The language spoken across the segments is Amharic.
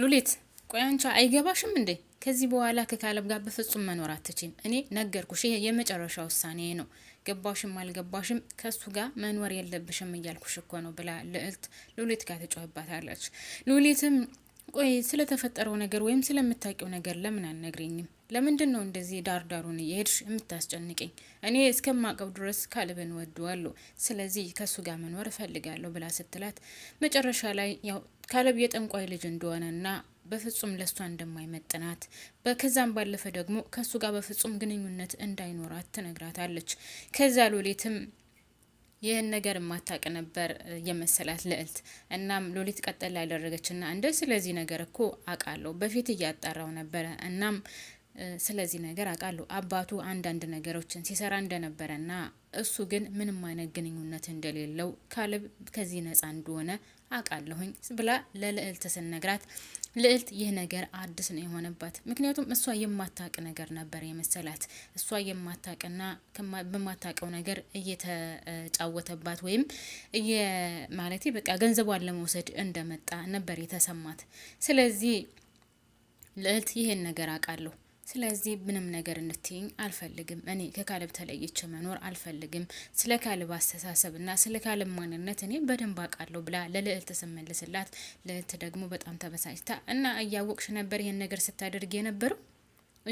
ሉሊት ቆይ አንቺ አይገባሽም እንዴ? ከዚህ በኋላ ከካለብ ጋር በፍጹም መኖር አትችም። እኔ ነገርኩሽ፣ ይሄ የመጨረሻ ውሳኔ ነው። ገባሽም አልገባሽም ከሱ ጋር መኖር የለብሽም እያልኩሽ እኮ ነው ብላ ልዕልት ሉሊት ጋር ትጮህባታለች። ሉሊትም ቆይ ስለተፈጠረው ነገር ወይም ስለምታውቂው ነገር ለምን አነግረኝም ለምንድን ነው እንደዚህ ዳር ዳሩን እየሄድሽ የምታስጨንቀኝ? እኔ እስከማቀው ድረስ ካሌብን ወደዋለሁ፣ ስለዚህ ከሱ ጋር መኖር እፈልጋለሁ ብላ ስትላት መጨረሻ ላይ ያው ካለብ የጠንቋይ ልጅ እንደሆነና በፍጹም ለሷ እንደማይመጥናት በከዛም ባለፈ ደግሞ ከሱ ጋር በፍጹም ግንኙነት እንዳይኖራት ትነግራታለች። ከዛ ሎሌትም ይህን ነገር የማታውቅ ነበር የመሰላት ልዕልት። እናም ሎሊት ቀጠል ና እንደ ስለዚህ ነገር እኮ አውቃለሁ በፊት እያጣራው ነበረ። እናም ስለዚህ ነገር አውቃለሁ አባቱ አንዳንድ ነገሮችን ሲሰራ እንደነበረ ና እሱ ግን ምንም አይነት ግንኙነት እንደሌለው ካልብ ከዚህ ነጻ እንደሆነ አውቃለሁኝ ብላ ለልዕልት ስነግራት ልዕልት ይህ ነገር አዲስ ነው የሆነባት። ምክንያቱም እሷ የማታቅ ነገር ነበር የመሰላት። እሷ የማታቅና በማታቀው ነገር እየተጫወተባት ወይም ማለት በቃ ገንዘቧን ለመውሰድ እንደመጣ ነበር የተሰማት። ስለዚህ ልዕልት ይህን ነገር አውቃለሁ ስለዚህ ምንም ነገር እንድትይኝ አልፈልግም። እኔ ከካልብ ተለይቼ መኖር አልፈልግም። ስለ ካልብ አስተሳሰብና ስለ ካልብ ማንነት እኔ በደንብ አውቃለሁ ብላ ለልዕልት ስመልስላት፣ ልዕልት ደግሞ በጣም ተበሳጭታ እና እያወቅሽ ነበር ይህን ነገር ስታደርግ የነበረው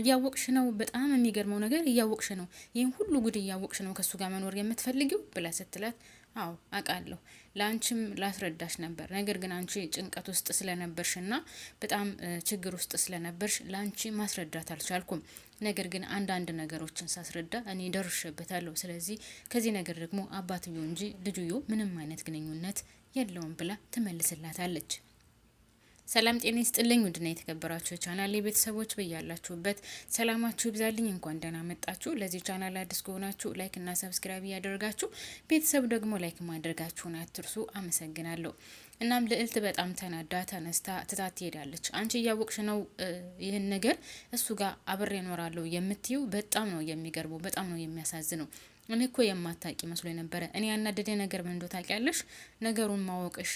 እያወቅሽ ነው። በጣም የሚገርመው ነገር እያወቅሽ ነው፣ ይህን ሁሉ ጉድ እያወቅሽ ነው ከእሱ ጋር መኖር የምትፈልጊው ብላ ስትላት አዎ አውቃለሁ። ለአንቺም ላስረዳሽ ነበር። ነገር ግን አንቺ ጭንቀት ውስጥ ስለነበርሽ እና በጣም ችግር ውስጥ ስለነበርሽ ለአንቺ ማስረዳት አልቻልኩም። ነገር ግን አንዳንድ ነገሮችን ሳስረዳ እኔ ደርሼበታለሁ። ስለዚህ ከዚህ ነገር ደግሞ አባትዮ እንጂ ልጅዮ ምንም አይነት ግንኙነት የለውም ብላ ትመልስላታለች። ሰላም ጤና ይስጥልኝ። ውድና የተከበራችሁ ቻናል ቤተሰቦች በያላችሁበት ሰላማችሁ ይብዛልኝ። እንኳን ደህና መጣችሁ። ለዚህ ቻናል አዲስ ከሆናችሁ ላይክ እና ሰብስክራይብ እያደረጋችሁ ቤተሰብ ደግሞ ላይክ ማድረጋችሁን አትርሱ። አመሰግናለሁ። እናም ልዕልት በጣም ተናዳ ተነስታ ትታት ትሄዳለች። አንቺ እያወቅሽ ነው ይህን ነገር እሱ ጋር አብሬ እኖራለሁ የምትይው በጣም ነው የሚገርመው፣ በጣም ነው የሚያሳዝነው። እኔ እኮ የማታቂ መስሎ ነበረ። እኔ ያናደደ ነገር ምን እንደው ታውቂያለሽ? ነገሩን ማወቅሽ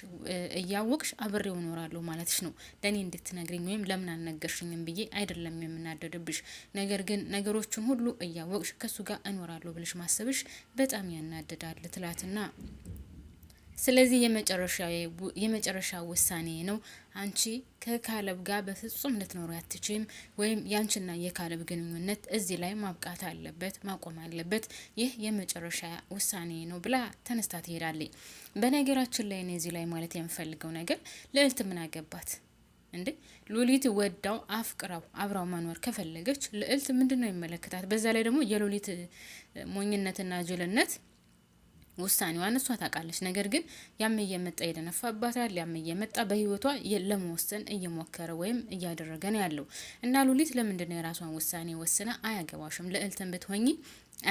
እያወቅሽ አብሬው እኖራለሁ ማለትሽ ነው። ለእኔ እንድትነግሪኝ ወይም ለምን አልነገርሽኝም ብዬ አይደለም የምናደድብሽ። ነገር ግን ነገሮችን ሁሉ እያወቅሽ ከሱ ጋር እኖራለሁ ብልሽ ማሰብሽ በጣም ያናደዳል ትላትና ስለዚህ የመጨረሻ ውሳኔ ነው። አንቺ ከካለብ ጋር በፍጹም ልትኖሩ አትችም፣ ወይም ያንቺና የካለብ ግንኙነት እዚህ ላይ ማብቃት አለበት፣ ማቆም አለበት። ይህ የመጨረሻ ውሳኔ ነው ብላ ተነስታ ትሄዳለች። በነገራችን ላይ እዚህ ላይ ማለት የምፈልገው ነገር ልዕልት ምን አገባት እንዴ? ሉሊት ወዳው አፍቅራው አብራው መኖር ከፈለገች ልዕልት ምንድን ነው ይመለከታት? በዛ ላይ ደግሞ የሉሊት ሞኝነትና ጅልነት ውሳኔዋን እሷ ታውቃለች። ነገር ግን ያም እየመጣ የደነፋባታል፣ ያም እየመጣ በህይወቷ ለመወሰን እየሞከረ ወይም እያደረገ ነው ያለው እና ሉሊት ለምንድን ነው የራሷን ውሳኔ ወስና አያገባሽም? ልዕልትን ብትሆኚ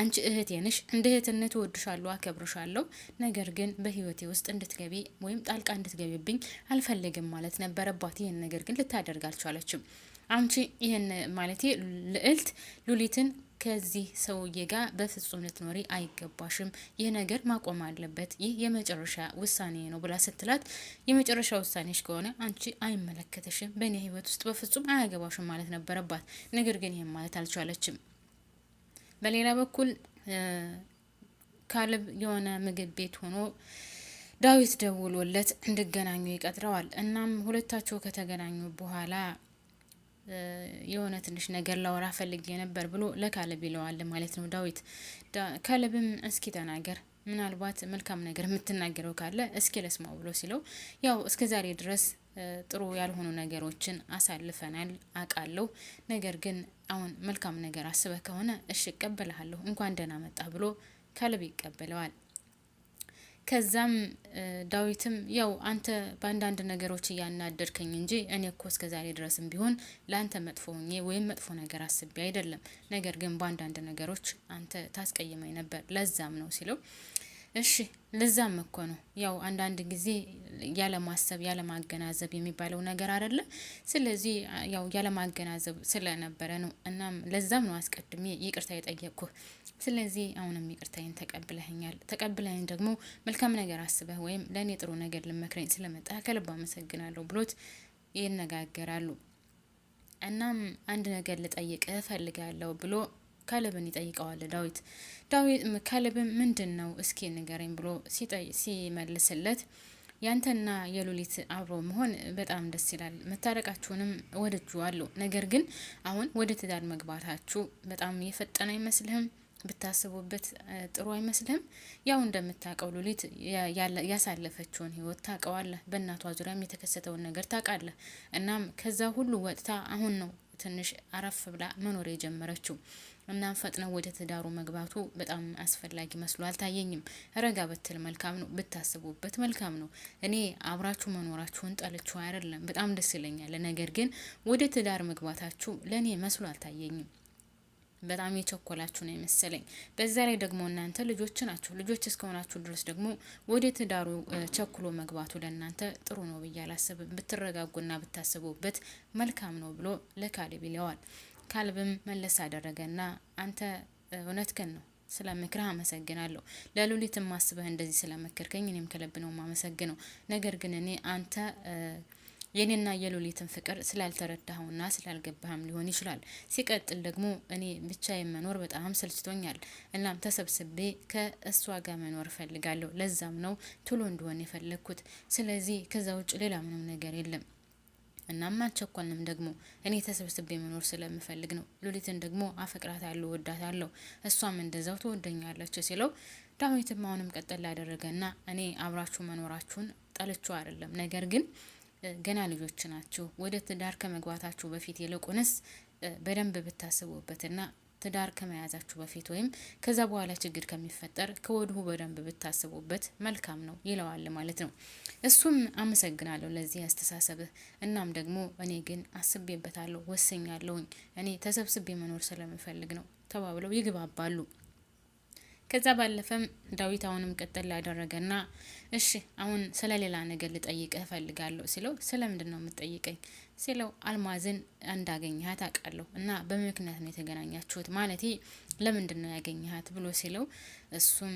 አንቺ እህቴ ነሽ፣ እንደ እህትነት እወድሻለሁ፣ አከብርሻለሁ። ነገር ግን በህይወቴ ውስጥ እንድትገቢ ወይም ጣልቃ እንድትገቢብኝ አልፈልግም ማለት ነበረባት። ይህን ነገር ግን ልታደርግ አልቻለችም። አንቺ ይህን ማለት ልዕልት ሉሊትን ከዚህ ሰውዬ ጋር በፍጹም ልትኖሪ አይገባሽም፣ ይህ ነገር ማቆም አለበት፣ ይህ የመጨረሻ ውሳኔ ነው ብላ ስትላት የመጨረሻ ውሳኔሽ ከሆነ አንቺ አይመለከተሽም፣ በእኔ ህይወት ውስጥ በፍጹም አያገባሽም ማለት ነበረባት። ነገር ግን ይህም ማለት አልቻለችም። በሌላ በኩል ካለብ የሆነ ምግብ ቤት ሆኖ ዳዊት ደውሎለት እንዲገናኙ ይቀጥረዋል። እናም ሁለታቸው ከተገናኙ በኋላ የሆነ ትንሽ ነገር ላወራ ፈልጌ ነበር ብሎ ለካለብ ይለዋል ማለት ነው ዳዊት። ካለብም እስኪ ተናገር ምናልባት መልካም ነገር የምትናገረው ካለ እስኪ ለስማው ብሎ ሲለው ያው እስከ ዛሬ ድረስ ጥሩ ያልሆኑ ነገሮችን አሳልፈናል አውቃለሁ። ነገር ግን አሁን መልካም ነገር አስበህ ከሆነ እሽ እቀበልሃለሁ፣ እንኳን ደህና መጣህ ብሎ ካለብ ይቀበለዋል። ከዛም ዳዊትም ያው አንተ በአንዳንድ ነገሮች እያናደድከኝ እንጂ እኔ እኮ እስከ ዛሬ ድረስም ቢሆን ለአንተ መጥፎ ሆኜ ወይም መጥፎ ነገር አስቤ አይደለም። ነገር ግን በአንዳንድ ነገሮች አንተ ታስቀይመኝ ነበር፣ ለዛም ነው ሲለው እሺ ለዛም እኮ ነው ያው አንዳንድ ጊዜ ያለማሰብ ያለማገናዘብ የሚባለው ነገር አይደለ? ስለዚህ ያው ያለማገናዘብ ስለነበረ ነው። እናም ለዛም ነው አስቀድሜ ይቅርታ የጠየቅኩ። ስለዚህ አሁንም ይቅርታዬን ተቀብለኸኛል። ተቀብለኸኝ ደግሞ መልካም ነገር አስበህ ወይም ለእኔ ጥሩ ነገር ልመክረኝ ስለመጣ ከልብ አመሰግናለሁ ብሎት ይነጋገራሉ። እናም አንድ ነገር ልጠይቅህ እፈልጋለሁ ብሎ ካለብን ይጠይቀዋል። ዳዊት ዳዊት ካለብን ምንድን ነው እስኪ ንገረኝ ብሎ ሲመልስለት ያንተና የሉሊት አብሮ መሆን በጣም ደስ ይላል። መታረቃችሁንም ወደጁ አለው። ነገር ግን አሁን ወደ ትዳር መግባታችሁ በጣም የፈጠነ አይመስልህም? ብታስቡበት ጥሩ አይመስልህም? ያው እንደምታውቀው ሉሊት ያሳለፈችውን ህይወት ታውቀዋለህ። በእናቷ ዙሪያም የተከሰተውን ነገር ታውቃለህ። እናም ከዛ ሁሉ ወጥታ አሁን ነው ትንሽ አረፍ ብላ መኖር የጀመረችው። እና ፈጥነው ወደ ትዳሩ መግባቱ በጣም አስፈላጊ መስሎ አልታየኝም። ረጋ ብትል መልካም ነው፣ ብታስቡበት መልካም ነው። እኔ አብራችሁ መኖራችሁን ጠልችሁ አይደለም፣ በጣም ደስ ይለኛል። ነገር ግን ወደ ትዳር መግባታችሁ ለእኔ መስሎ አልታየኝም። በጣም የቸኮላችሁ ነው የመሰለኝ። በዛ ላይ ደግሞ እናንተ ልጆች ናችሁ። ልጆች እስከሆናችሁ ድረስ ደግሞ ወደ ትዳሩ ቸኩሎ መግባቱ ለእናንተ ጥሩ ነው ብዬ አላስብም። ብትረጋጉና ብታስቡበት መልካም ነው ብሎ ለካሌብ ይለዋል። ካልብም መለስ አደረገና አንተ እውነትህን ነው ስለ ምክርህ አመሰግናለሁ። ለሉሊትም ማስበህ እንደዚህ ስለመከርከኝ እኔም ከልብ ነው የማመሰግነው። ነገር ግን እኔ አንተ የኔና የሉሊትን ፍቅር ስላልተረዳኸውና ስላልገባህም ሊሆን ይችላል። ሲቀጥል ደግሞ እኔ ብቻዬን መኖር በጣም ሰልችቶኛል። እናም ተሰብስቤ ከእሷ ጋር መኖር እፈልጋለሁ። ለዛም ነው ቶሎ እንደሆነ የፈለግኩት። ስለዚህ ከዛ ውጭ ሌላ ምንም ነገር የለም። እናም አልቸኳልንም። ደግሞ እኔ ተሰብስቤ መኖር ስለምፈልግ ነው። ሉሊትን ደግሞ ወዳት አለው እሷም እንደዛው ትወደኛለች ሲለው ዳዊትም አሁንም ቀጠል ና እኔ አብራችሁ መኖራችሁን ጠልቼው አይደለም፣ ነገር ግን ገና ልጆች ናችሁ። ወደ ትዳር ከመግባታችሁ በፊት ይልቁንስ በደንብ ብታስቡበትና ትዳር ከመያዛችሁ በፊት ወይም ከዛ በኋላ ችግር ከሚፈጠር ከወድሁ በደንብ ብታስቡበት መልካም ነው ይለዋል ማለት ነው። እሱም አመሰግናለሁ ለዚህ አስተሳሰብህ፣ እናም ደግሞ እኔ ግን አስቤበታለሁ፣ ወሰኛለሁኝ እኔ ተሰብስቤ መኖር ስለምፈልግ ነው ተባብለው ይግባባሉ። ከዛ ባለፈም ዳዊት አሁንም ቀጠል ላደረገና እሺ አሁን ስለ ሌላ ነገር ልጠይቅህ እፈልጋለሁ ሲለው ስለምንድን ነው የምትጠይቀኝ ሲለው አልማዝን እንዳገኘሃት አውቃለሁ እና በምክንያት ነው የተገናኛችሁት ማለት ለምንድን ነው ያገኘሃት ብሎ ሲለው እሱም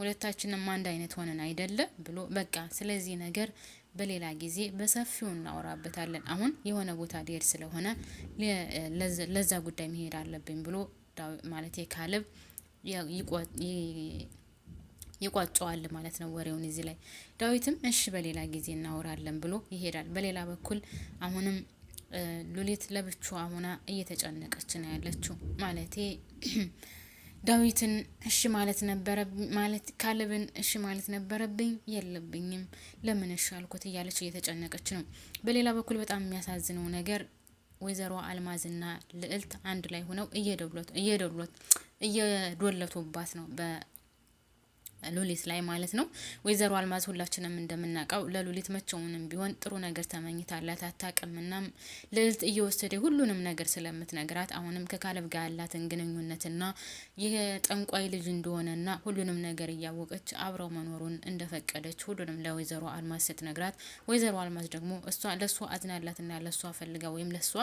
ሁለታችንም አንድ አይነት ሆነን አይደለ ብሎ በቃ ስለዚህ ነገር በሌላ ጊዜ በሰፊው እናወራበታለን አሁን የሆነ ቦታ ሊሄድ ስለሆነ ለዛ ጉዳይ መሄድ አለብኝ ብሎ ማለት ካልብ ይቋጨዋል ማለት ነው ወሬውን። እዚህ ላይ ዳዊትም እሺ በሌላ ጊዜ እናወራለን ብሎ ይሄዳል። በሌላ በኩል አሁንም ሉሊት ለብቻዋ ሆና እየተጨነቀች ነው ያለችው። ማለቴ ዳዊትን እሺ ማለት ነበረ ማለት ካለብን እሺ ማለት ነበረብኝ የለብኝም ለምን እሺ አልኩት እያለች እየተጨነቀች ነው። በሌላ በኩል በጣም የሚያሳዝነው ነገር ወይዘሮ አልማዝና ልዕልት አንድ ላይ ሆነው እየደብሎት እየደብሎት እየዶለቱባት ነው ሉሊት ላይ ማለት ነው። ወይዘሮ አልማዝ ሁላችንም እንደምናውቀው ለሉሊት መቼውንም ቢሆን ጥሩ ነገር ተመኝታላት አታቅም። ና ልዕልት እየወሰደ ሁሉንም ነገር ስለምትነግራት አሁንም ከካለብ ጋር ያላትን ግንኙነትና የጠንቋይ ልጅ እንደሆነና ሁሉንም ነገር እያወቀች አብረው መኖሩን እንደፈቀደች ሁሉንም ለወይዘሮ አልማዝ ስትነግራት፣ ወይዘሮ አልማዝ ደግሞ እሷ ለእሷ አዝናላትና ለእሷ ፈልጋ ወይም ለእሷ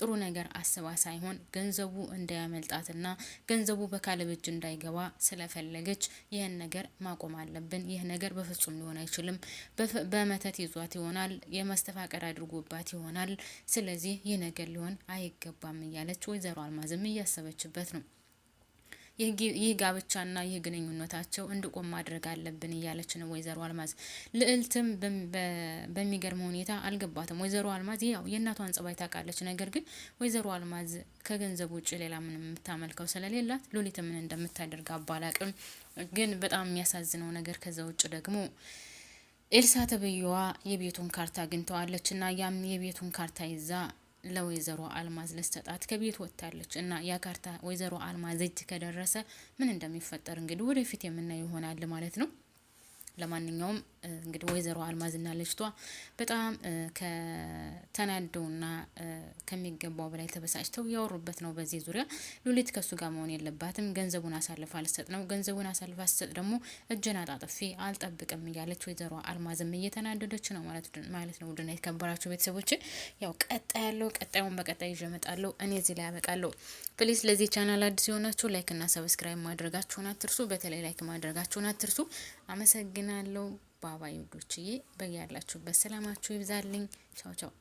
ጥሩ ነገር አስባ ሳይሆን ገንዘቡ እንዳያመልጣትና ገንዘቡ በካለብ እጅ እንዳይገባ ስለፈለገች ይህን ነገር ማቆም አለብን። ይህ ነገር በፍጹም ሊሆን አይችልም። በመተት ይዟት ይሆናል፣ የመስተፋቀር አድርጎባት ይሆናል። ስለዚህ ይህ ነገር ሊሆን አይገባም እያለች ወይዘሮ አልማዝም እያሰበችበት ነው። ይህ ጋብቻና ይህ ግንኙነታቸው እንዲቆም ማድረግ አለብን እያለች ነው ወይዘሮ አልማዝ። ልዕልትም በሚገርም ሁኔታ አልገባትም። ወይዘሮ አልማዝ ያው የእናቷን ጸባይ ታውቃለች። ነገር ግን ወይዘሮ አልማዝ ከገንዘብ ውጭ ሌላ ምን የምታመልከው ስለሌላት ሎሊት ምን እንደምታደርግ አባላቅም። ግን በጣም የሚያሳዝነው ነገር ከዛ ውጭ ደግሞ ኤልሳ ተብዬዋ የቤቱን ካርታ አግኝተዋለች እና ያም የቤቱን ካርታ ይዛ ለወይዘሮ አልማዝ ልትሰጣት ከቤት ወጥታለች እና ያ ካርታ ወይዘሮ አልማዝ እጅ ከደረሰ ምን እንደሚፈጠር እንግዲህ ወደፊት የምናየው ይሆናል ማለት ነው። ለማንኛውም እንግዲህ ወይዘሮ አልማዝና ልጅቷ በጣም ከተናደውና ከሚገባው በላይ ተበሳጭተው ያወሩበት ነው። በዚህ ዙሪያ ሉሊት ከሱ ጋር መሆን የለባትም፣ ገንዘቡን አሳልፋ አልሰጥ ነው፣ ገንዘቡን አሳልፋ አልሰጥ ደግሞ እጅን አጣጥፌ አልጠብቅም እያለች ወይዘሮ አልማዝም እየተናደደች ነው ማለት ነው። ውድና የተከበራችሁ ቤተሰቦች ያው ቀጣይ ያለው ቀጣዩን በቀጣይ ይዤ እመጣለሁ። እኔ እዚህ ላይ ያበቃለሁ። ፕሊስ ለዚህ ቻናል አዲስ የሆናችሁ ላይክና ሰብስክራይብ ማድረጋችሁን አትርሱ። በተለይ ላይክ ማድረጋችሁን አትርሱ። አመሰግናለሁ። ባባይ ውዶችዬ፣ በያላችሁበት ሰላማችሁ ይብዛልኝ። ቻው ቻው።